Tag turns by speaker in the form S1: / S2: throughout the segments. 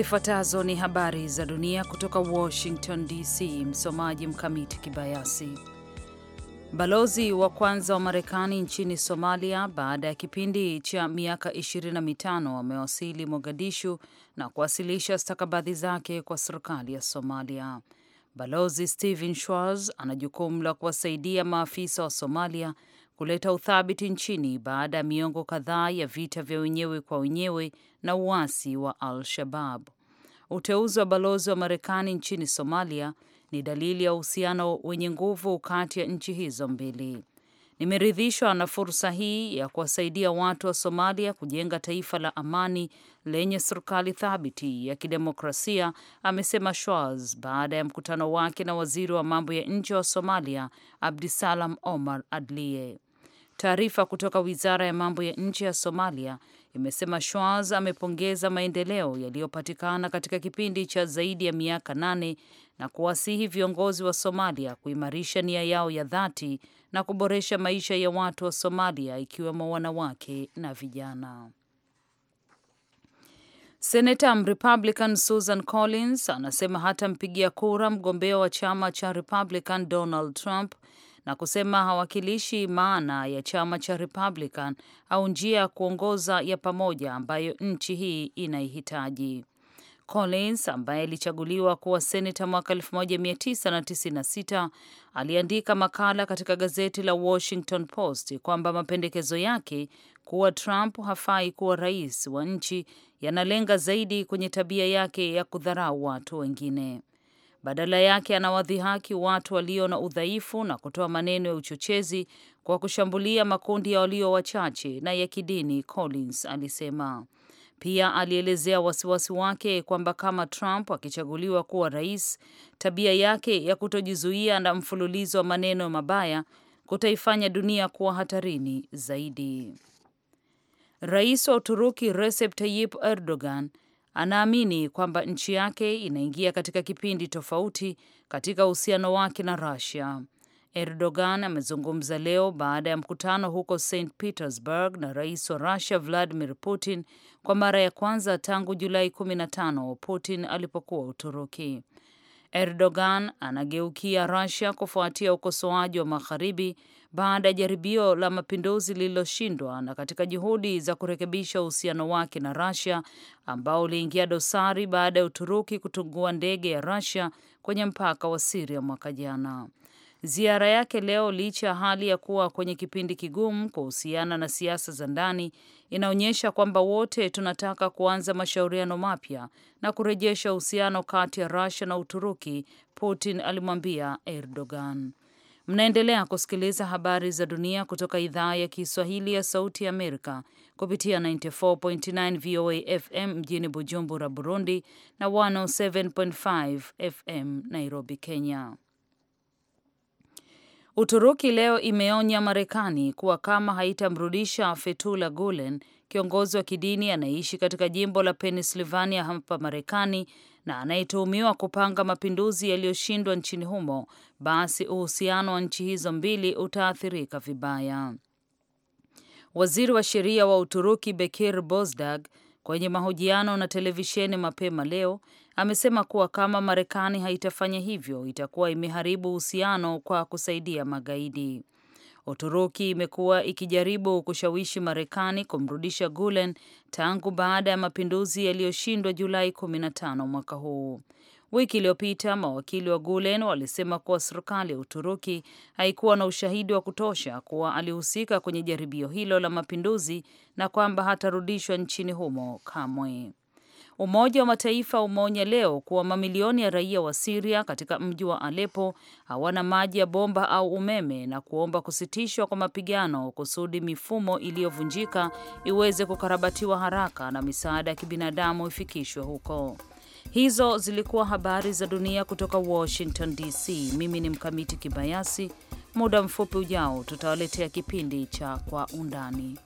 S1: Zifuatazo ni habari za dunia kutoka Washington DC. Msomaji Mkamiti Kibayasi. Balozi wa kwanza wa Marekani nchini Somalia baada ya kipindi cha miaka 25 amewasili Mogadishu na kuwasilisha stakabadhi zake kwa serikali ya Somalia. Balozi Stephen Schwarz ana jukumu la kuwasaidia maafisa wa Somalia kuleta uthabiti nchini baada ya miongo kadhaa ya vita vya wenyewe kwa wenyewe na uasi wa Al-Shabab. Uteuzi wa balozi wa Marekani nchini Somalia ni dalili ya uhusiano wenye nguvu kati ya nchi hizo mbili. Nimeridhishwa na fursa hii ya kuwasaidia watu wa Somalia kujenga taifa la amani lenye serikali thabiti ya kidemokrasia, amesema shwaz baada ya mkutano wake na waziri wa mambo ya nje wa Somalia, Abdisalam Omar Adlie. Taarifa kutoka wizara ya mambo ya nje ya Somalia imesema Schwarz amepongeza maendeleo yaliyopatikana katika kipindi cha zaidi ya miaka nane na kuwasihi viongozi wa Somalia kuimarisha nia yao ya dhati na kuboresha maisha ya watu wa Somalia ikiwemo wanawake na vijana. Senata Mrepublican Susan Collins anasema hata mpigia kura mgombea wa chama cha Republican Donald Trump na kusema hawakilishi maana ya chama cha Republican au njia ya kuongoza ya pamoja ambayo nchi hii inaihitaji. Collins ambaye alichaguliwa kuwa seneta mwaka 1996 aliandika makala katika gazeti la Washington Post kwamba mapendekezo yake kuwa Trump hafai kuwa rais wa nchi yanalenga zaidi kwenye tabia yake ya kudharau watu wengine. Badala yake anawadhihaki watu walio na udhaifu na kutoa maneno ya uchochezi kwa kushambulia makundi ya walio wachache na ya kidini, Collins alisema. Pia alielezea wasiwasi wake kwamba kama Trump akichaguliwa kuwa rais, tabia yake ya kutojizuia na mfululizo wa maneno mabaya kutaifanya dunia kuwa hatarini zaidi. Rais wa Uturuki Recep Tayyip Erdogan anaamini kwamba nchi yake inaingia katika kipindi tofauti katika uhusiano wake na Russia. Erdogan amezungumza leo baada ya mkutano huko St Petersburg na rais wa Russia Vladimir Putin kwa mara ya kwanza tangu Julai 15 Putin alipokuwa Uturuki. Erdogan anageukia Russia kufuatia ukosoaji wa Magharibi baada ya jaribio la mapinduzi lililoshindwa na katika juhudi za kurekebisha uhusiano wake na Russia ambao uliingia dosari baada ya Uturuki kutungua ndege ya Russia kwenye mpaka wa Siria mwaka jana. Ziara yake leo, licha ya hali ya kuwa kwenye kipindi kigumu kuhusiana na siasa za ndani, inaonyesha kwamba wote tunataka kuanza mashauriano mapya na kurejesha uhusiano kati ya Russia na Uturuki, Putin alimwambia Erdogan. Mnaendelea kusikiliza habari za dunia kutoka idhaa ya Kiswahili ya Sauti ya Amerika kupitia 94.9 VOA FM mjini Bujumbura, Burundi na 107.5 FM Nairobi, Kenya. Uturuki leo imeonya Marekani kuwa kama haitamrudisha Fethullah Gulen, kiongozi wa kidini anayeishi katika jimbo la Pennsylvania hapa Marekani na anayetuhumiwa kupanga mapinduzi yaliyoshindwa nchini humo, basi uhusiano wa nchi hizo mbili utaathirika vibaya. Waziri wa sheria wa Uturuki Bekir Bozdag kwenye mahojiano na televisheni mapema leo amesema kuwa kama Marekani haitafanya hivyo itakuwa imeharibu uhusiano kwa kusaidia magaidi. Uturuki imekuwa ikijaribu kushawishi Marekani kumrudisha Gulen tangu baada ya mapinduzi yaliyoshindwa Julai 15 mwaka huu. Wiki iliyopita mawakili wa Gulen walisema kuwa serikali ya Uturuki haikuwa na ushahidi wa kutosha kuwa alihusika kwenye jaribio hilo la mapinduzi na kwamba hatarudishwa nchini humo kamwe. Umoja wa Mataifa umeonya leo kuwa mamilioni ya raia wa Siria katika mji wa Alepo hawana maji ya bomba au umeme na kuomba kusitishwa kwa mapigano kusudi mifumo iliyovunjika iweze kukarabatiwa haraka na misaada ya kibinadamu ifikishwe huko. Hizo zilikuwa habari za dunia kutoka Washington DC. Mimi ni Mkamiti Kibayasi. Muda mfupi ujao tutawaletea kipindi cha Kwa Undani.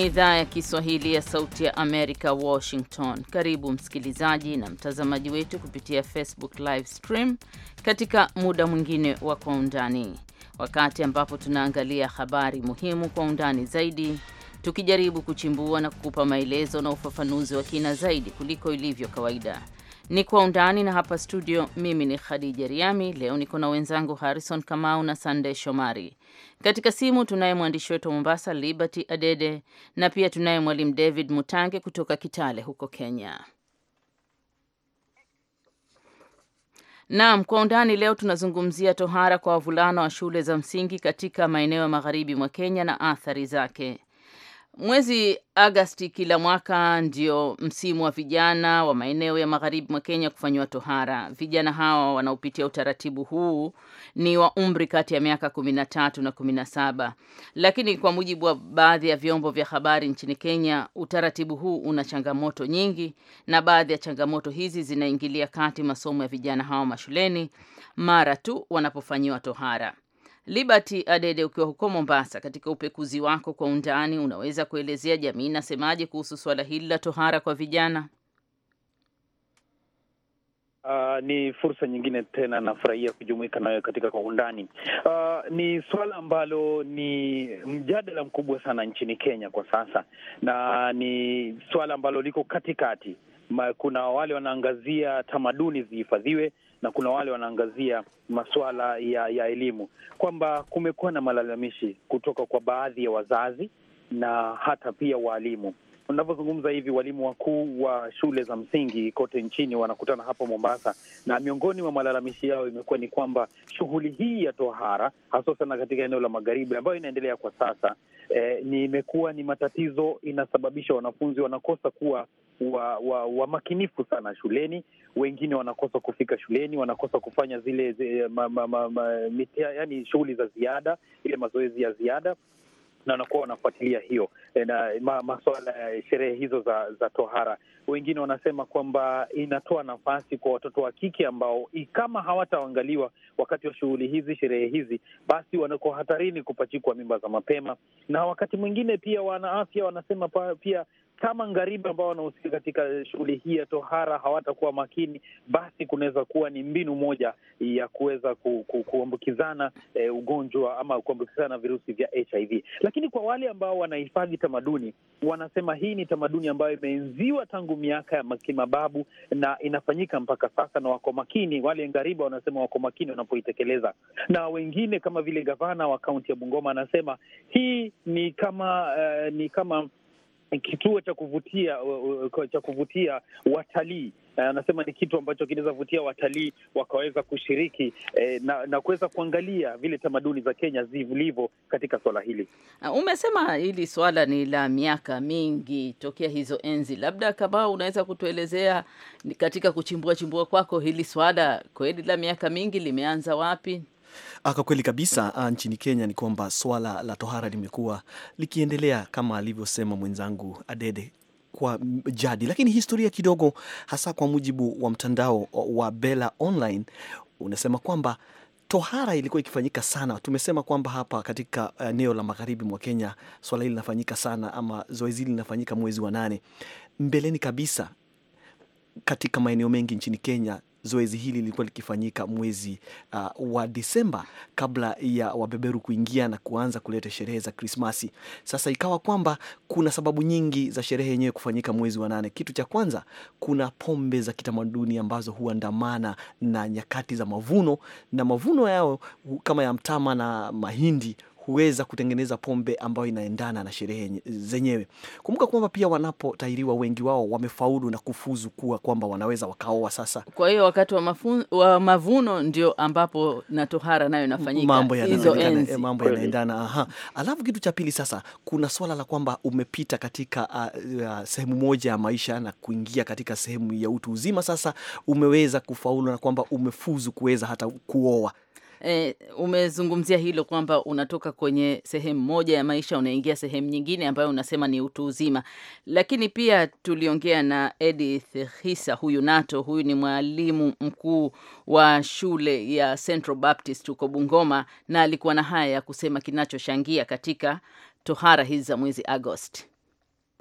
S2: ni idhaa ya Kiswahili ya Sauti ya Amerika, Washington. Karibu msikilizaji na mtazamaji wetu kupitia Facebook live stream katika muda mwingine wa Kwa Undani, wakati ambapo tunaangalia habari muhimu kwa undani zaidi, tukijaribu kuchimbua na kukupa maelezo na ufafanuzi wa kina zaidi kuliko ilivyo kawaida ni kwa undani, na hapa studio, mimi ni Khadija Riami. Leo niko na wenzangu Harrison Kamau na Sandey Shomari. Katika simu tunaye mwandishi wetu wa Mombasa, Liberty Adede, na pia tunaye mwalimu David Mutange kutoka Kitale huko Kenya. Naam, kwa undani leo tunazungumzia tohara kwa wavulana wa shule za msingi katika maeneo ya magharibi mwa Kenya na athari zake. Mwezi Agasti kila mwaka ndio msimu wa vijana wa maeneo ya magharibi mwa Kenya kufanyiwa tohara. Vijana hawa wanaopitia utaratibu huu ni wa umri kati ya miaka kumi na tatu na kumi na saba, lakini kwa mujibu wa baadhi ya vyombo vya habari nchini Kenya, utaratibu huu una changamoto nyingi, na baadhi ya changamoto hizi zinaingilia kati masomo ya vijana hawa mashuleni mara tu wanapofanyiwa tohara. Liberty Adede, ukiwa huko Mombasa, katika upekuzi wako kwa undani, unaweza kuelezea jamii inasemaje kuhusu suala hili la tohara kwa vijana?
S3: Uh, ni fursa nyingine tena, nafurahia kujumuika nayo katika kwa undani. Uh, ni suala ambalo ni mjadala mkubwa sana nchini Kenya kwa sasa, na ni suala ambalo liko katikati. Kuna wale wanaangazia tamaduni zihifadhiwe na kuna wale wanaangazia masuala ya, ya elimu, kwamba kumekuwa na malalamishi kutoka kwa baadhi ya wazazi na hata pia waalimu unavyozungumza hivi, walimu wakuu wa shule za msingi kote nchini wanakutana hapa Mombasa, na miongoni mwa malalamishi yao imekuwa ni kwamba shughuli hii ya tohara haswa sana katika eneo la magharibi ambayo inaendelea kwa sasa eh, ni imekuwa ni matatizo, inasababisha wanafunzi wanakosa kuwa wa, wa, wa makinifu sana shuleni. Wengine wanakosa kufika shuleni, wanakosa kufanya zile zi, ma, ma, ma, ma, mitia, yani shughuli za ziada, ile mazoezi ya ziada, na wanakuwa wanafuatilia hiyo eh, na ma, masuala ya eh, sherehe hizo za, za tohara. Wengine wanasema kwamba inatoa nafasi kwa watoto wa kike ambao kama hawataangaliwa wakati wa shughuli hizi, sherehe hizi, basi wanakuwa hatarini kupachikwa mimba za mapema, na wakati mwingine pia wanaafya wanasema pa, pia kama ngaribi ambao wanahusika katika shughuli hii ya tohara hawatakuwa makini, basi kunaweza kuwa ni mbinu moja ya kuweza ku, ku, kuambukizana eh, ugonjwa ama kuambukizana virusi vya HIV. Lakini kwa wale ambao wanahifadhi tamaduni, wanasema hii ni tamaduni ambayo imeenziwa tangu miaka ya kimababu na inafanyika mpaka sasa, na wako makini. Wale ngariba wanasema wako makini wanapoitekeleza, na wengine kama vile gavana wa kaunti ya Bungoma anasema hii ni kama uh, ni kama kituo cha kuvutia uh, uh, cha kuvutia watalii eh, anasema ni kitu ambacho kinaweza vutia watalii wakaweza kushiriki eh, na, na kuweza kuangalia vile tamaduni za Kenya zilivyo katika swala hili.
S2: Ah, umesema hili swala ni la miaka mingi tokea hizo enzi, labda kama unaweza kutuelezea katika kuchimbua chimbua kwako, hili swala kweli la miaka mingi limeanza wapi?
S4: Ah, kwa kweli kabisa ah, nchini Kenya ni kwamba swala la tohara limekuwa likiendelea kama alivyosema mwenzangu Adede kwa jadi, lakini historia kidogo, hasa kwa mujibu wa mtandao wa bela Online unasema kwamba tohara ilikuwa ikifanyika sana. Tumesema kwamba hapa katika eh, eneo la magharibi mwa Kenya swala hili linafanyika sana, ama zoezi hili linafanyika mwezi wa nane. Mbeleni kabisa katika maeneo mengi nchini Kenya Zoezi hili lilikuwa likifanyika mwezi uh, wa disemba kabla ya wabeberu kuingia na kuanza kuleta sherehe za Krismasi. Sasa ikawa kwamba kuna sababu nyingi za sherehe yenyewe kufanyika mwezi wa nane. Kitu cha kwanza, kuna pombe za kitamaduni ambazo huandamana na nyakati za mavuno, na mavuno yao kama ya mtama na mahindi kuweza kutengeneza pombe ambayo inaendana na sherehe zenyewe. Kumbuka kwamba pia wanapotairiwa wengi wao wamefaulu na kufuzu kuwa kwamba wanaweza wakaoa sasa.
S2: Kwa hiyo wakati wa, mafuno, wa
S4: mavuno ndio ambapo na tohara nayo inafanyika, mambo eh, yanaendana. Aha, alafu kitu cha pili sasa, kuna swala la kwamba umepita katika uh, uh, sehemu moja ya maisha na kuingia katika sehemu ya utu uzima. Sasa umeweza kufaulu na kwamba umefuzu kuweza hata kuoa
S2: E, umezungumzia hilo kwamba unatoka kwenye sehemu moja ya maisha unaingia sehemu nyingine ambayo unasema ni utu uzima, lakini pia tuliongea na Edith Hisa, huyu NATO, huyu ni mwalimu mkuu wa shule ya Central Baptist huko Bungoma, na alikuwa na haya ya kusema kinachochangia katika tohara hizi za mwezi Agosti.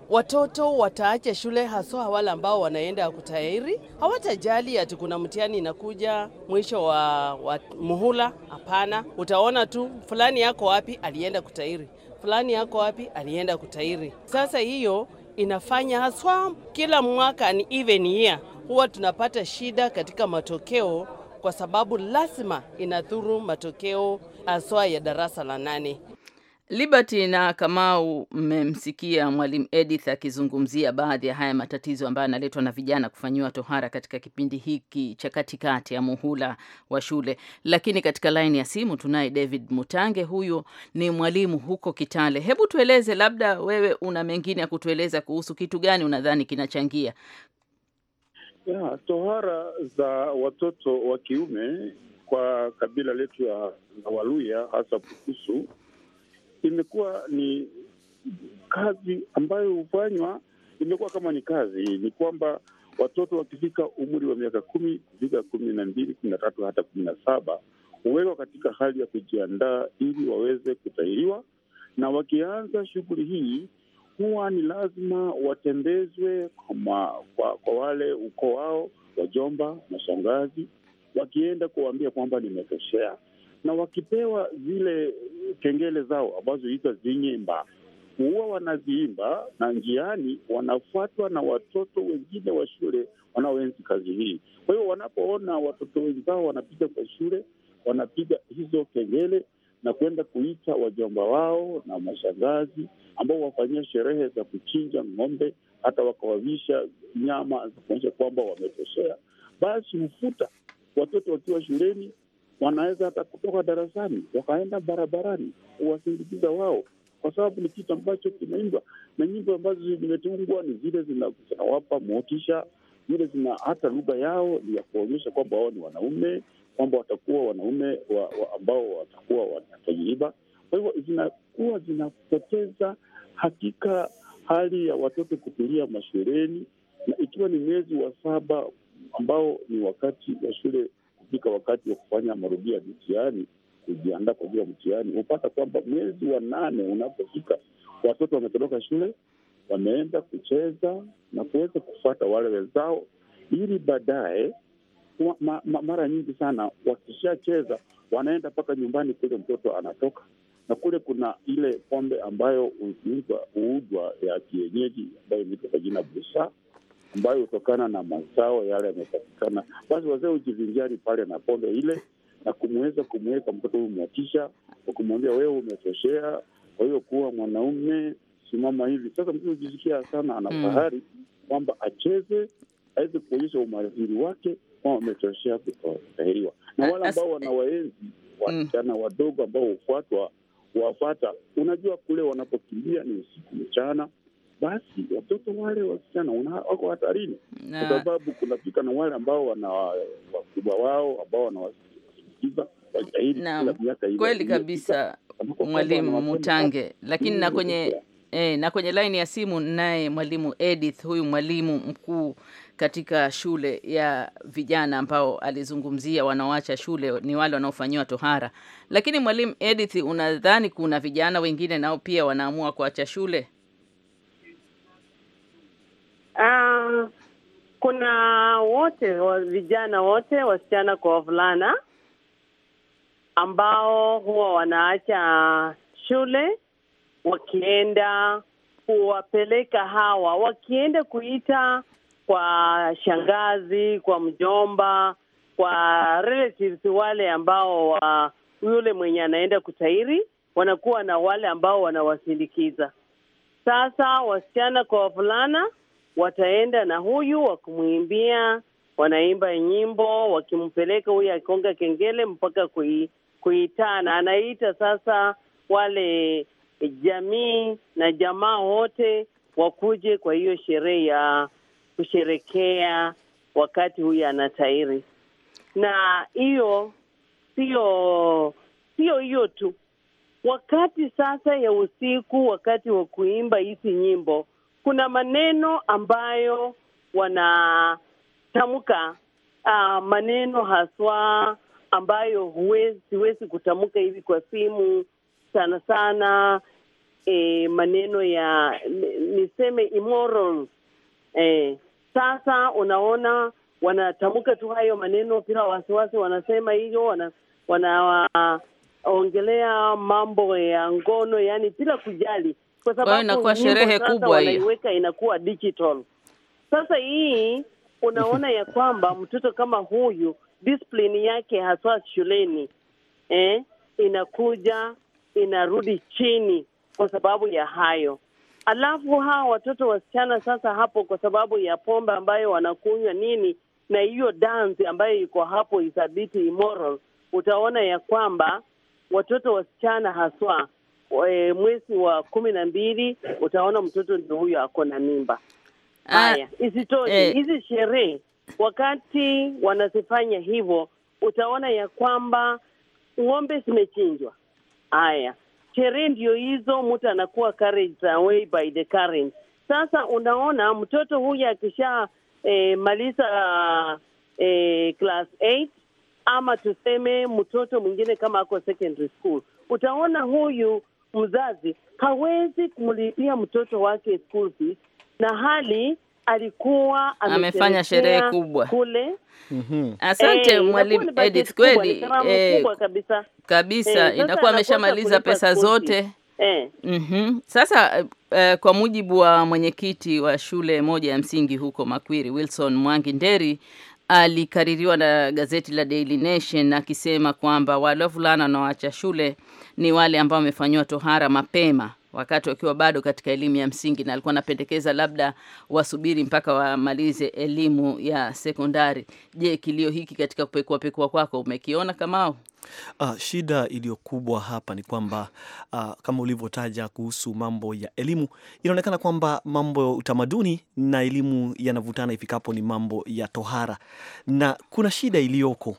S5: Watoto wataacha shule haswa wale ambao wanaenda kutairi. Hawatajali ati kuna mtihani inakuja mwisho wa, wa muhula. Hapana, utaona tu fulani yako wapi alienda kutairi, fulani yako wapi alienda kutairi. Sasa hiyo inafanya haswa kila mwaka ni even year huwa tunapata shida katika matokeo kwa sababu lazima inadhuru matokeo haswa ya darasa la nane.
S2: Liberty na Kamau, mmemsikia Mwalimu Edith akizungumzia baadhi ya haya matatizo ambayo yanaletwa na vijana kufanyiwa tohara katika kipindi hiki cha katikati ya muhula wa shule. Lakini katika laini ya simu tunaye David Mutange, huyu ni mwalimu huko Kitale. Hebu tueleze, labda wewe una mengine ya kutueleza kuhusu kitu gani unadhani kinachangia
S6: ya, tohara za watoto wa kiume kwa kabila letu ya Waluya hasa kuhusu imekuwa ni kazi ambayo hufanywa, imekuwa kama ni kazi, ni kwamba watoto wakifika umri wa miaka kumi kufika kumi na mbili kumi na tatu hata kumi na saba huwekwa katika hali ya kujiandaa ili waweze kutahiriwa, na wakianza shughuli hii huwa ni lazima watembezwe kwa, kwa, kwa wale ukoo wao, wajomba, mashangazi, wakienda kuwaambia kwamba nimetoshea, na wakipewa zile kengele zao ambazo hizo zinyimba huwa wanaziimba na njiani wanafuatwa na watoto wengine wa shule wanaoenzi kazi hii. Kwa hiyo wanapoona watoto wenzao wanapiga kwa shule, wanapiga hizo kengele na kwenda kuita wajomba wao na mashangazi ambao wafanyia sherehe za kuchinja ng'ombe, hata wakawavisha nyama za kuonyesha kwamba wametoshea. Basi hufuta watoto wakiwa shuleni, wanaweza hata kutoka darasani wakaenda barabarani kuwasindikiza wao, kwa sababu ni kitu ambacho kimeimbwa, na nyimbo ambazo zimetungwa ni zile zinawapa motisha, zile zina hata lugha yao ni ya kuonyesha kwamba wao ni wanaume, kwamba watakuwa wanaume wa, wa ambao watakuwa wanatajiriba. Kwa hivyo zinakuwa zinapoteza hakika hali ya watoto kutulia mashuleni, na ikiwa ni mwezi wa saba ambao ni wakati wa shule unapofika wakati wa kufanya marudio ya mtihani, kujiandaa kwa ajili ya mtihani, hupata kwamba mwezi wa nane unapofika, watoto wametoroka shule, wameenda kucheza na kuweza kufuata wale wenzao, ili baadaye ma, ma, mara nyingi sana wakishacheza wanaenda mpaka nyumbani kule, mtoto anatoka na kule kuna ile pombe ambayo huuzwa ya kienyeji ambayo inaitwa kwa jina busaa ambayo hutokana na mazao yale yamepatikana, basi wazee hujivinjari pale na pombe ile na kumweza kumuweka mtoto huyu mwatisha kwa kumwambia wewe umetoshea, kwa hiyo kuwa mwanaume, simama hivi sasa. Mtu hujisikia sana ana mm. fahari kwamba acheze, aweze kuonyesha umahiri wake kwamba wamechoshea kutahiriwa, na wale ambao wanawaenzi mm. wasichana wadogo ambao hufuatwa wafata, unajua kule wanapokimbia ni usiku mchana basi watoto wale wasichana wako hatarini,
S5: kwa sababu
S6: kunafika na wale ambao wana wakubwa wao ambao wanawasikiza kila miaka Kweli kabisa, Mwalimu
S4: Mutange.
S2: Lakini na kwenye eh, na kwenye laini ya simu naye Mwalimu Edith, huyu mwalimu mkuu katika shule ya vijana ambao alizungumzia wanaoacha shule ni wale wanaofanyiwa tohara. Lakini Mwalimu Edith, unadhani kuna vijana wengine nao pia wanaamua kuacha shule?
S5: kuna wote wa vijana wote wasichana kwa wavulana ambao huwa wanaacha shule wakienda kuwapeleka hawa, wakienda kuita kwa shangazi, kwa mjomba, kwa relatives wale ambao wa yule mwenye anaenda kutairi, wanakuwa na wale ambao wanawasindikiza. Sasa wasichana kwa wavulana wataenda na huyu wakimwimbia, wanaimba nyimbo wakimpeleka huyu akonga kengele mpaka kui, kuitana anaita sasa wale jamii na jamaa wote wakuje kwa hiyo sherehe ya kusherekea wakati huyu anatairi. Na hiyo sio sio hiyo tu, wakati sasa ya usiku, wakati wa kuimba hizi nyimbo kuna maneno ambayo wanatamka uh, maneno haswa ambayo huwezi, siwezi kutamka hivi kwa simu sana sana e, maneno ya niseme immoral e, sasa unaona wanatamka tu hayo maneno bila wasiwasi, wanasema hivyo, wanaongelea wana, mambo ya ngono, yani bila kujali kwa sababu inakuwa sherehe kubwa hiyo, wanaiweka inakuwa digital. Sasa hii unaona ya kwamba mtoto kama huyu discipline yake haswa shuleni eh, inakuja inarudi chini kwa sababu ya hayo. Alafu hawa watoto wasichana sasa hapo, kwa sababu ya pombe ambayo wanakunywa nini na hiyo dance ambayo iko hapo isabiti immoral. Utaona ya kwamba watoto wasichana haswa e, mwezi wa kumi na mbili utaona mtoto ndio huyo ako na mimba. Ah, Haya, isitoshe eh. hizi eh, sherehe wakati wanazifanya hivyo utaona ya kwamba ng'ombe zimechinjwa. Haya, sherehe ndio hizo, mtu anakuwa carried away by the current. Sasa unaona mtoto huyu akisha e, maliza e, class 8 ama tuseme mtoto mwingine kama ako secondary school, utaona huyu mzazi hawezi kumlipia mtoto wake school fees na hali alikuwa amefanya sherehe kubwa
S2: kule. mm -hmm. Asante hey, eh, mwalimu Edith, kweli hey, eh,
S5: kabisa, kabisa hey, eh, inakuwa ameshamaliza pesa skursi zote hey.
S2: mm -hmm. Sasa eh, kwa mujibu wa mwenyekiti wa shule moja ya msingi huko Makwiri Wilson Mwangi Nderi alikaririwa na gazeti la Daily Nation akisema kwamba wale wavulana wanaoacha shule ni wale ambao wamefanyiwa tohara mapema wakati wakiwa bado katika elimu ya msingi, na alikuwa anapendekeza labda wasubiri mpaka wamalize elimu ya sekondari. Je, kilio hiki katika kupekuapekua kwako umekiona Kamao?
S4: Uh, ah, shida iliyokubwa hapa ni kwamba uh, kama ulivyotaja kuhusu mambo ya elimu, inaonekana kwamba mambo ya utamaduni na elimu yanavutana ifikapo ni mambo ya tohara, na kuna shida iliyoko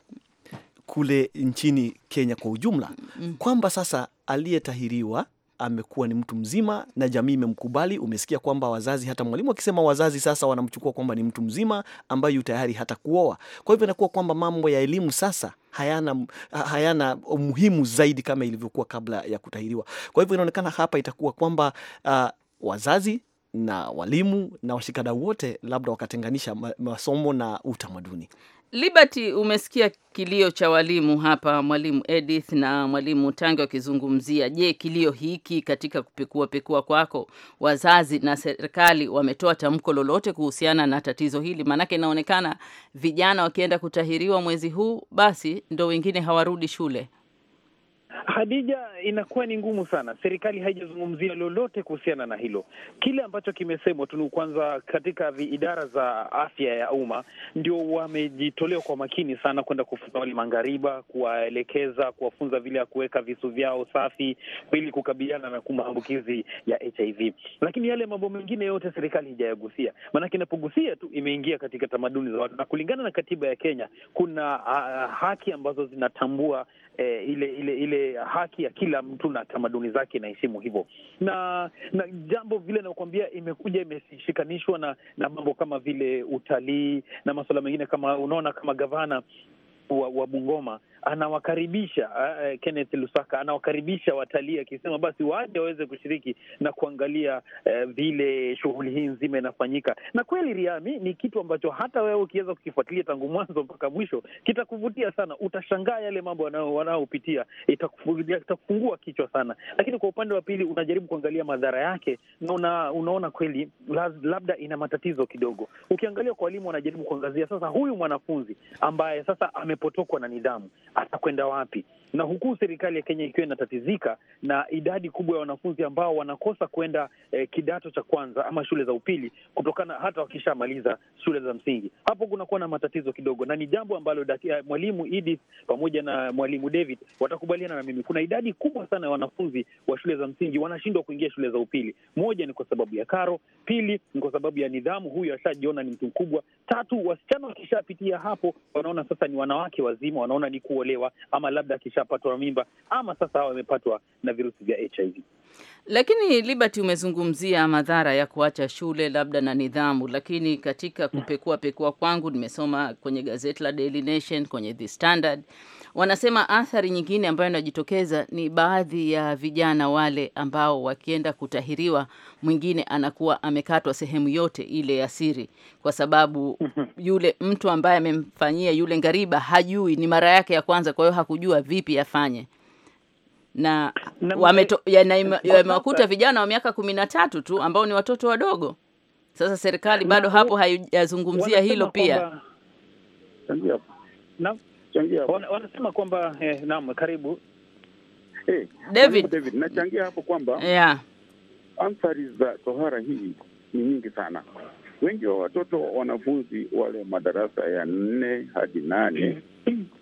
S4: kule nchini Kenya kwa ujumla mm. kwamba sasa aliyetahiriwa amekuwa ni mtu mzima na jamii imemkubali. Umesikia kwamba wazazi, hata mwalimu akisema wazazi sasa wanamchukua kwamba ni mtu mzima ambaye tayari hata kuoa. Kwa hivyo inakuwa kwamba mambo ya elimu sasa hayana hayana umuhimu zaidi kama ilivyokuwa kabla ya kutahiriwa. Kwa hivyo inaonekana hapa itakuwa kwamba uh, wazazi na walimu na washikadau wote labda wakatenganisha masomo na utamaduni.
S2: Liberty, umesikia kilio cha walimu hapa, mwalimu Edith na mwalimu Tange wakizungumzia. Je, kilio hiki katika kupekua pekua kwako, wazazi na serikali wametoa tamko lolote kuhusiana na tatizo hili? Maanake inaonekana vijana wakienda kutahiriwa mwezi huu, basi ndo wengine hawarudi shule.
S3: Hadija, inakuwa ni ngumu sana. Serikali haijazungumzia lolote kuhusiana na hilo. Kile ambacho kimesemwa tu ni kwanza, katika idara za afya ya umma ndio wamejitolewa kwa makini sana kwenda kufunza wale mangariba, kuwaelekeza, kuwafunza vile ya kuweka visu vyao safi ili kukabiliana na maambukizi ya HIV, lakini yale mambo mengine yote serikali haijayagusia. Maanake inapogusia tu imeingia katika tamaduni za watu, na kulingana na katiba ya Kenya kuna uh, haki ambazo zinatambua eh, ile ile ile haki ya kila mtu na tamaduni zake na inaheshimu hivyo, na na jambo vile nakuambia, imekuja imeshikanishwa na na mambo kama vile utalii na masuala mengine, kama unaona kama gavana wa, wa Bungoma anawakaribisha uh, Kenneth Lusaka anawakaribisha watalii akisema basi waje waweze kushiriki na kuangalia uh, vile shughuli hii nzima inafanyika. Na kweli Riami, ni kitu ambacho hata wewe ukiweza kukifuatilia tangu mwanzo mpaka mwisho kitakuvutia sana, utashangaa yale mambo wanaopitia, itakufungua kichwa sana. Lakini kwa upande wa pili unajaribu kuangalia madhara yake na una, unaona kweli labda ina matatizo kidogo. Ukiangalia kwa walimu wanajaribu kuangazia sasa, huyu mwanafunzi ambaye sasa amepotokwa na nidhamu atakwenda wapi? na huku serikali ya Kenya ikiwa inatatizika na idadi kubwa ya wanafunzi ambao wanakosa kwenda eh, kidato cha kwanza ama shule za upili kutokana hata wakishamaliza shule za msingi, hapo kunakuwa na matatizo kidogo, na ni jambo ambalo eh, mwalimu Edith pamoja na mwalimu David watakubaliana na mimi. Kuna idadi kubwa sana ya wanafunzi wa shule za msingi wanashindwa kuingia shule za upili. Moja ni kwa sababu ya karo, pili ni kwa sababu ya nidhamu, huyu ashajiona ni mtu mkubwa. Tatu, wasichana wakishapitia hapo wanaona sasa ni wanawake wazima, wanaona ni kuolewa ama labda kisha wameshapatwa mimba ama sasa hawa wamepatwa na virusi vya HIV.
S2: Lakini Liberty, umezungumzia madhara ya kuacha shule labda na nidhamu, lakini katika kupekua pekua kwangu nimesoma kwenye gazeti la Daily Nation, kwenye The Standard Wanasema athari nyingine ambayo inajitokeza ni baadhi ya vijana wale ambao wakienda kutahiriwa, mwingine anakuwa amekatwa sehemu yote ile ya siri, kwa sababu yule mtu ambaye amemfanyia yule ngariba hajui, ni mara yake ya kwanza, kwa hiyo hakujua vipi afanye na wamewakuta vijana wa miaka kumi na tatu tu ambao ni watoto wadogo. Sasa serikali bado hapo haijazungumzia hilo pia
S6: nachangia hapo. Wanasema kwamba eh, naam, karibu eh, David. David nachangia hapo kwamba yeah, athari za tohara hii ni nyingi sana. Wengi wa watoto wanafunzi wale madarasa ya nne hadi nane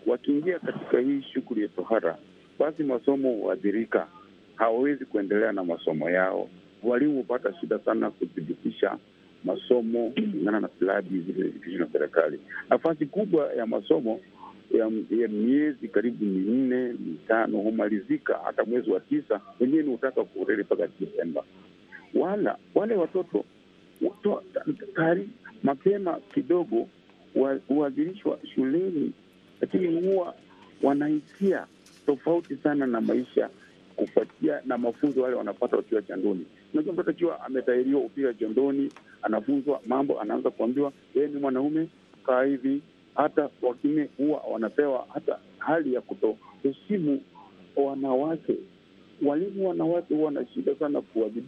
S6: wakiingia katika hii shughuli ya tohara, basi masomo huathirika, hawawezi kuendelea na masomo yao. Walimu hupata shida sana kuthibitisha masomo kulingana na silabi zile zilizo na serikali. Nafasi kubwa ya masomo ya miezi karibu minne mitano humalizika, hata mwezi wa tisa ni hutaka kurere mpaka Desemba. Wala wale watoto tayari mapema kidogo huadhirishwa shuleni, lakini huwa wanaikia tofauti sana na maisha kufuatia na mafunzo wale wanapata wakiwa chandoni. Unajua, mtoto akiwa ametairiwa upira chandoni, anafunzwa mambo, anaanza kuambiwa yeye ni mwanaume, kaa hivi hata wakime huwa wanapewa hata hali ya kutoheshimu wanawake. Walimu wanawake huwa na shida sana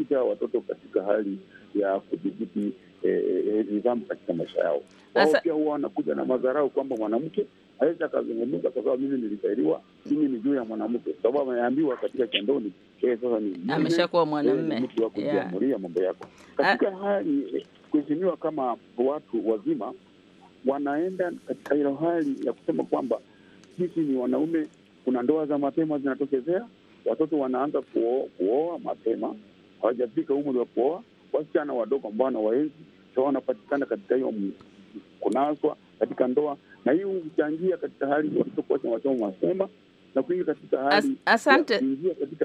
S6: hawa watoto katika hali ya kudhibiti eh, eh, nidhamu eh, katika maisha yao. Wao pia huwa wanakuja na madharau kwamba mwanamke aweza akazungumza kwa sababu mimi nilitairiwa, mimi ni juu ya mwanamke, kwa sababu ameambiwa katika kiandoni eh, sasa ni ameshakuwa mwanamume, mtu wa kujiamulia mambo yako katika hali eh, kuheshimiwa kama watu wazima wanaenda katika hilo hali ya kusema kwamba sisi ni wanaume. Kuna ndoa za mapema zinatokezea, watoto wanaanza kuoa, kuoa mapema, hawajafika umri wa kuoa, wasichana wadogo ambao wanawaenzi sa wanapatikana katika hiyo kunaswa katika ndoa, na hii huchangia katika hali watoto kuacha masomo mapema. asante,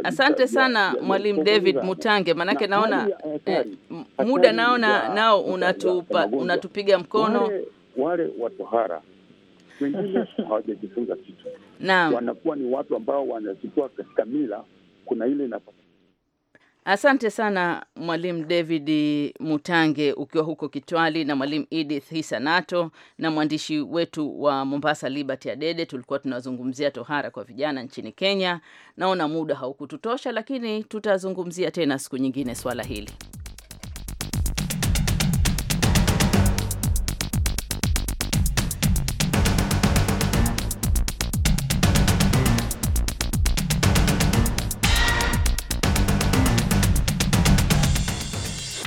S6: asante sana Mwalimu
S2: David Mutange, maanake naona eh, muda naona nao unatupa unatupiga mkono
S6: wale watohara wengine hawajajifunza kitu, wanakuwa ni watu ambao wanachukua katika mila. Kuna ile ina
S2: Asante sana Mwalimu David Mutange ukiwa huko Kitwali, na Mwalimu Edith Hisanato na mwandishi wetu wa Mombasa Liberty Adede. Tulikuwa tunazungumzia tohara kwa vijana nchini Kenya. Naona muda haukututosha, lakini tutazungumzia tena siku nyingine swala hili.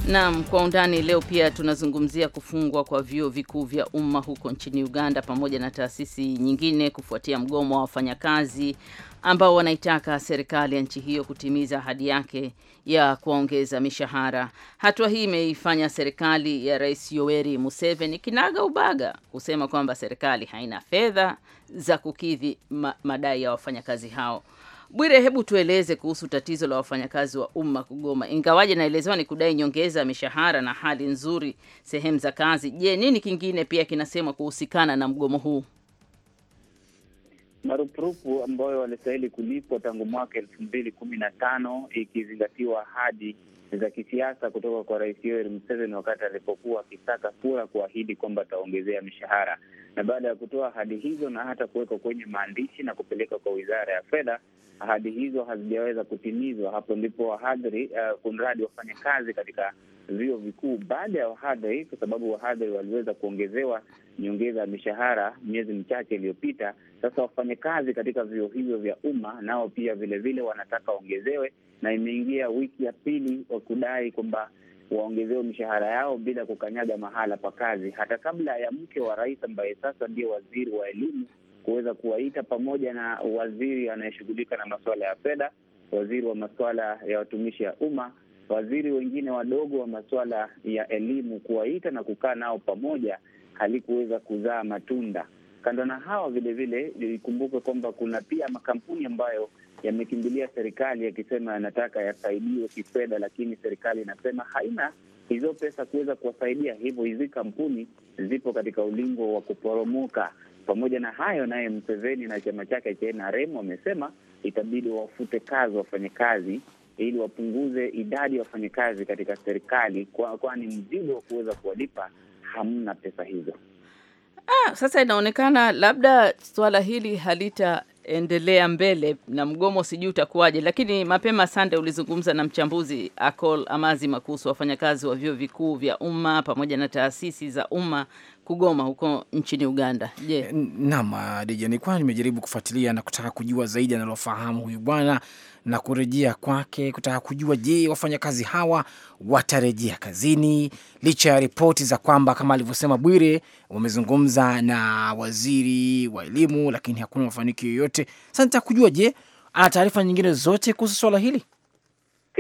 S2: Naam, kwa undani leo pia tunazungumzia kufungwa kwa vyuo vikuu vya umma huko nchini Uganda pamoja na taasisi nyingine kufuatia mgomo wa wafanyakazi ambao wanaitaka serikali ya nchi hiyo kutimiza ahadi yake ya kuwaongeza mishahara. Hatua hii imeifanya serikali ya Rais Yoweri Museveni kinaga ubaga kusema kwamba serikali haina fedha za kukidhi madai ya wafanyakazi hao. Bwire, hebu tueleze kuhusu tatizo la wafanyakazi wa umma kugoma. Ingawaje naelezewa ni kudai nyongeza ya mishahara na hali nzuri sehemu za kazi. Je, nini kingine pia kinasemwa kuhusikana na mgomo huu?
S7: Marupurupu ambayo walistahili kulipwa tangu mwaka elfu mbili kumi na tano ikizingatiwa hadi za kisiasa kutoka kwa Rais Yoweri Museveni wakati alipokuwa akisaka kura kuahidi kwamba ataongezea mishahara. Na baada ya kutoa ahadi hizo na hata kuwekwa kwenye maandishi na kupeleka kwa wizara ya fedha, ahadi hizo hazijaweza kutimizwa. Hapo ndipo wahadhiri uh, eh, kunradi wafanya kazi katika vyuo vikuu baada ya wahadhiri, kwa sababu wahadhiri waliweza kuongezewa nyongeza ya mishahara miezi michache iliyopita. Sasa wafanyakazi katika vyuo hivyo vya umma nao pia vilevile wanataka waongezewe, na imeingia wiki ya pili wa kudai kwamba waongezewe mishahara yao bila kukanyaga mahala pa kazi, hata kabla ya mke wa rais ambaye sasa ndiye waziri wa elimu kuweza kuwaita pamoja na waziri anayeshughulika na masuala ya fedha, waziri wa masuala ya watumishi ya umma waziri wengine wadogo wa masuala ya elimu kuwaita na kukaa nao pamoja halikuweza kuzaa matunda. Kando na hawa, vilevile ikumbuke kwamba kuna pia makampuni ambayo yamekimbilia serikali yakisema yanataka yasaidiwe kifedha, lakini serikali inasema haina hizo pesa kuweza kuwasaidia. Hivyo hizi kampuni zipo katika ulingo wa kuporomoka. Pamoja na hayo, naye Mseveni na chama chake cha NRM wamesema itabidi wafute kazi kazi ili wapunguze idadi ya wafanyakazi katika serikali, kwani kwa mzigo wa kuweza kuwalipa hamna pesa hizo.
S2: Ah, sasa inaonekana labda swala hili halitaendelea mbele na mgomo, sijui utakuwaje. Lakini mapema Sande ulizungumza na mchambuzi Akol Amazima kuhusu wafanyakazi wa vyuo vikuu vya umma pamoja na taasisi za umma kugoma huko nchini Uganda. Je, eh, naam Adija, ah, nilikuwa nimejaribu kufuatilia na kutaka kujua zaidi analofahamu huyu bwana na kurejea kwake, kutaka kujua,
S3: je, wafanyakazi hawa watarejea kazini licha ya ripoti za kwamba kama alivyosema Bwire, wamezungumza na waziri wa elimu, lakini hakuna mafanikio yoyote. Sasa nitakujua, je, ana taarifa nyingine zote kuhusu swala hili?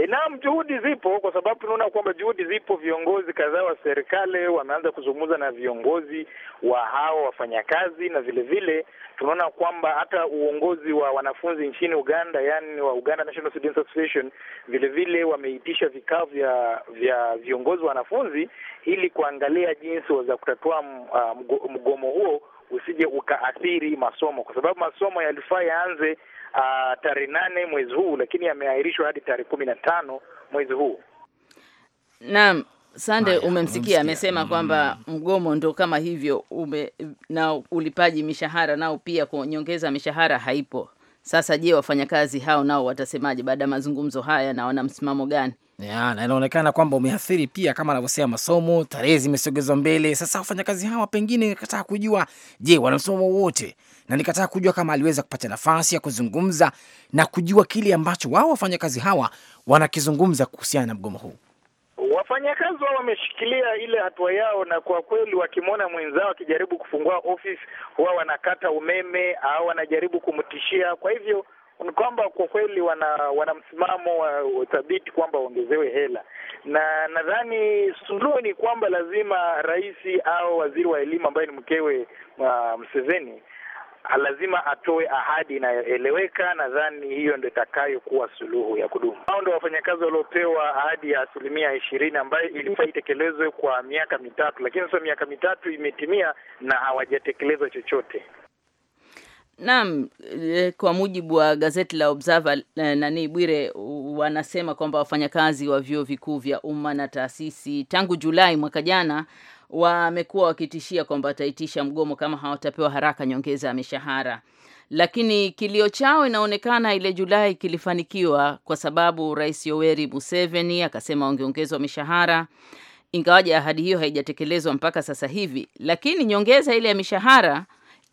S8: E, naam, juhudi zipo, kwa sababu tunaona kwamba juhudi zipo. Viongozi kadhaa wa serikali wameanza kuzungumza na viongozi wa hawa wafanyakazi, na vile vile tunaona kwamba hata uongozi wa wanafunzi nchini Uganda, yani wa Uganda National Students Association, vile vile wameitisha vikao vya vya viongozi wa wanafunzi ili kuangalia jinsi waweza kutatua ah, mgomo huo usije ukaathiri masomo, kwa sababu masomo yalifaa yaanze Ah, tarehe nane mwezi huu, lakini ameahirishwa hadi tarehe kumi na tano mwezi huu.
S2: Naam. Sande, umemsikia amesema mm. kwamba mgomo ndo kama hivyo ume, na ulipaji mishahara nao pia kunyongeza mishahara haipo. Sasa je, wafanyakazi hao nao watasemaje baada ya mazungumzo haya na wana msimamo gani?
S3: Ya, na inaonekana kwamba umeathiri pia kama anavyosema masomo, tarehe zimesogezwa mbele. Sasa wafanyakazi hawa pengine kataka kujua, je, wana msimamo wote na nikataka kujua kama aliweza kupata nafasi ya kuzungumza na kujua kile ambacho wao wafanyakazi hawa wanakizungumza
S7: kuhusiana na mgomo huu.
S8: Wafanyakazi wao wameshikilia ile hatua yao, na kwa kweli, wakimwona mwenzao akijaribu kufungua ofisi huwa wanakata umeme au wanajaribu kumtishia. Kwa hivyo ni kwamba kwa kweli wana, wana msimamo wa thabiti kwamba waongezewe hela, na nadhani suluhu ni kwamba lazima rais au waziri wa elimu ambaye ni mkewe uh, Mseveni lazima atoe ahadi inayoeleweka. Nadhani hiyo ndo itakayokuwa suluhu ya kudumu. Hao ndo wafanyakazi waliopewa ahadi ya asilimia ishirini ambayo ilifaa itekelezwe kwa miaka mitatu, lakini sasa miaka mitatu imetimia na hawajatekeleza chochote.
S1: Naam,
S2: eh, kwa mujibu wa gazeti la Observer eh, nani Bwire, wanasema kwamba wafanyakazi wa vyuo vikuu vya umma na taasisi tangu Julai mwaka jana wamekuwa wakitishia kwamba wataitisha mgomo kama hawatapewa haraka nyongeza ya mishahara, lakini kilio chao inaonekana ile Julai kilifanikiwa kwa sababu Rais Yoweri Museveni akasema wangeongezwa mishahara ingawaje ahadi hiyo haijatekelezwa mpaka sasa hivi, lakini nyongeza ile ya mishahara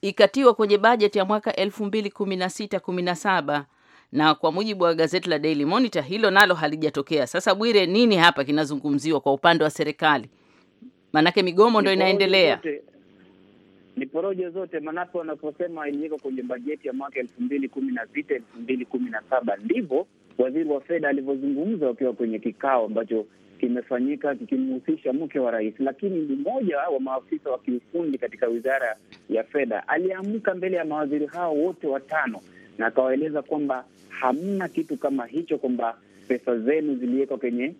S2: ikatiwa kwenye bajeti ya mwaka 2016 17 na kwa mujibu wa gazeti la Daily Monitor hilo nalo halijatokea. Sasa Bwire, nini hapa kinazungumziwa kwa upande wa serikali? Maanake migomo ndo inaendelea
S7: Ni porojo zote, maanake wanaposema iliwekwa kwenye bajeti ya mwaka elfu mbili kumi na sita elfu mbili kumi na saba ndivyo waziri wa fedha alivyozungumza wakiwa kwenye kikao ambacho kimefanyika kikimhusisha mke wa rais, lakini mmoja wa maafisa wa kiufundi katika wizara ya fedha aliamka mbele ya mawaziri hao wote watano na akawaeleza kwamba hamna kitu kama hicho, kwamba pesa zenu ziliwekwa kwenye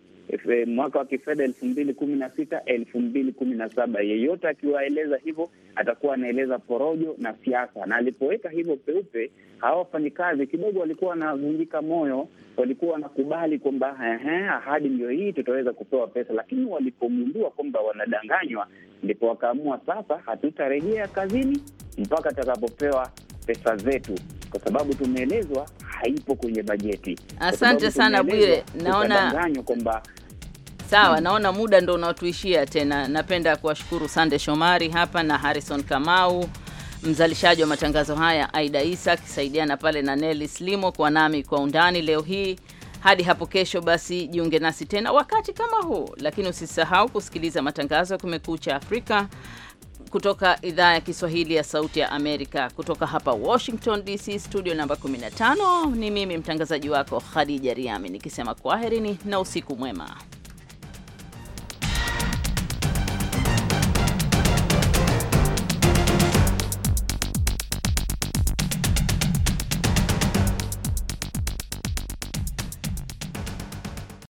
S7: mwaka wa kifedha elfu mbili kumi na sita elfu mbili kumi na saba Yeyote akiwaeleza hivyo atakuwa anaeleza porojo na siasa, na alipoweka hivyo peupe, hawa wafanyikazi kidogo walikuwa wanavunjika moyo, walikuwa wanakubali kwamba ahadi ndio hii, tutaweza kupewa pesa, lakini walipogundua kwamba wanadanganywa, ndipo wakaamua sasa, hatutarejea kazini mpaka tutakapopewa pesa zetu, kwa sababu tumeelezwa haipo kwenye bajeti. Asante sana Bwire, naona kwamba
S2: Sawa, naona muda ndo unaotuishia tena. Napenda kuwashukuru Sande Shomari hapa na Harrison Kamau, mzalishaji wa matangazo haya, Aida Isa akisaidiana pale na Neli Slimo, kwa nami kwa undani leo hii. Hadi hapo kesho, basi jiunge nasi tena wakati kama huu, lakini usisahau kusikiliza matangazo ya Kumekucha Afrika kutoka idhaa ya Kiswahili ya Sauti ya Amerika, kutoka hapa Washington DC, studio namba 15. Ni mimi mtangazaji wako Khadija Riami nikisema kwaherini na usiku mwema.